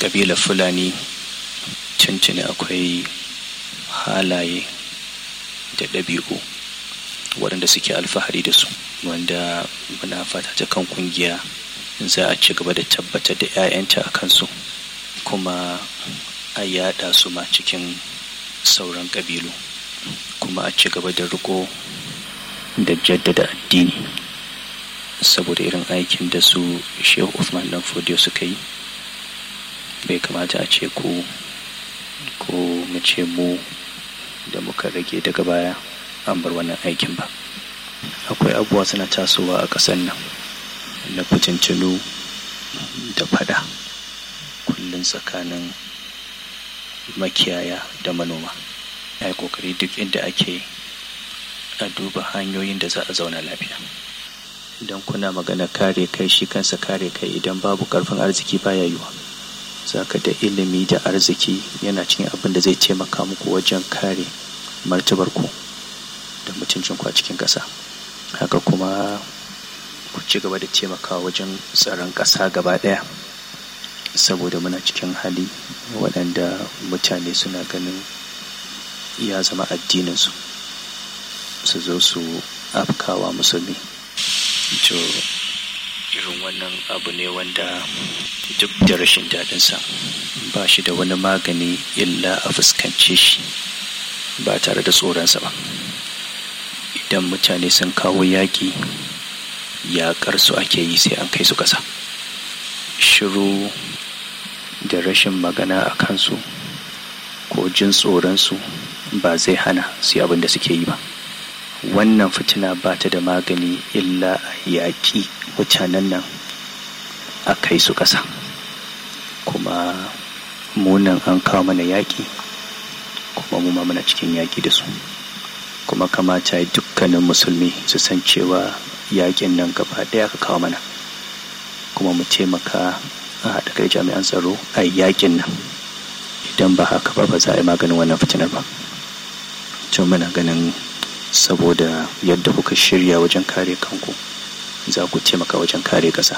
ƙabilar fulani cincin akwai halaye da ɗabi'u waɗanda suke alfahari da su wanda muna fata ta kan ƙungiya, za a ci gaba da tabbatar da 'ya'yanta a kansu kuma a yaɗa su ma cikin sauran ƙabilu kuma a ci gaba da riko da jaddada addini saboda irin aikin da su shehu Usman dan fodiyo suka yi bai kamata a ce ko ko mu ce mu da muka rage daga baya an bar wannan aikin ba akwai abubuwa suna tasowa a ƙasar nan na kucincinu da fada kullum tsakanin makiyaya da manoma ya yi kokari duk inda ake a duba hanyoyin da za a zauna lafiya idan kuna magana kare kai shi kansa kare kai idan babu karfin arziki baya yiwa zaka da ilimi da arziki yana cikin abin da zai taimaka muku wajen kare martabar ku da ku a cikin ƙasa haka kuma ku ci gaba da taimakawa wajen tsaron ƙasa gaba ɗaya saboda muna cikin hali waɗanda mutane suna ganin ya zama addininsu su zo su afkawa musulmi irin wannan abu ne wanda duk da rashin dadinsa, ba shi da wani magani illa a fuskance shi ba tare da tsoronsa ba idan mutane sun kawo yaƙi yaƙar su ake yi sai an kai su ƙasa shiru da rashin magana a kansu ko jin tsoronsu ba zai hana su abin da suke yi ba wannan fitina ba ta da magani illa yaƙi mutanen nan a kai su ƙasa kuma munan an kawo mana yaƙi kuma mu ma muna cikin yaƙi da su kuma kamata dukkanin musulmi su san cewa yaƙin nan gaba ɗaya ka kawo mana kuma mu taimaka a haɗa kai jami'an tsaro a yaƙin nan idan ba haka ba ba za a yi maganin wannan fitinar ba. muna ganin saboda yadda kuka shirya wajen kare kanku za ku taimaka wajen kare ƙasa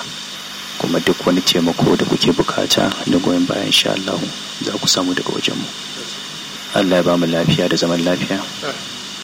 kuma duk wani taimako da kuke bukata da goyon bayan sha Allah za ku samu daga wajenmu Allah ya ba mu lafiya da zaman lafiya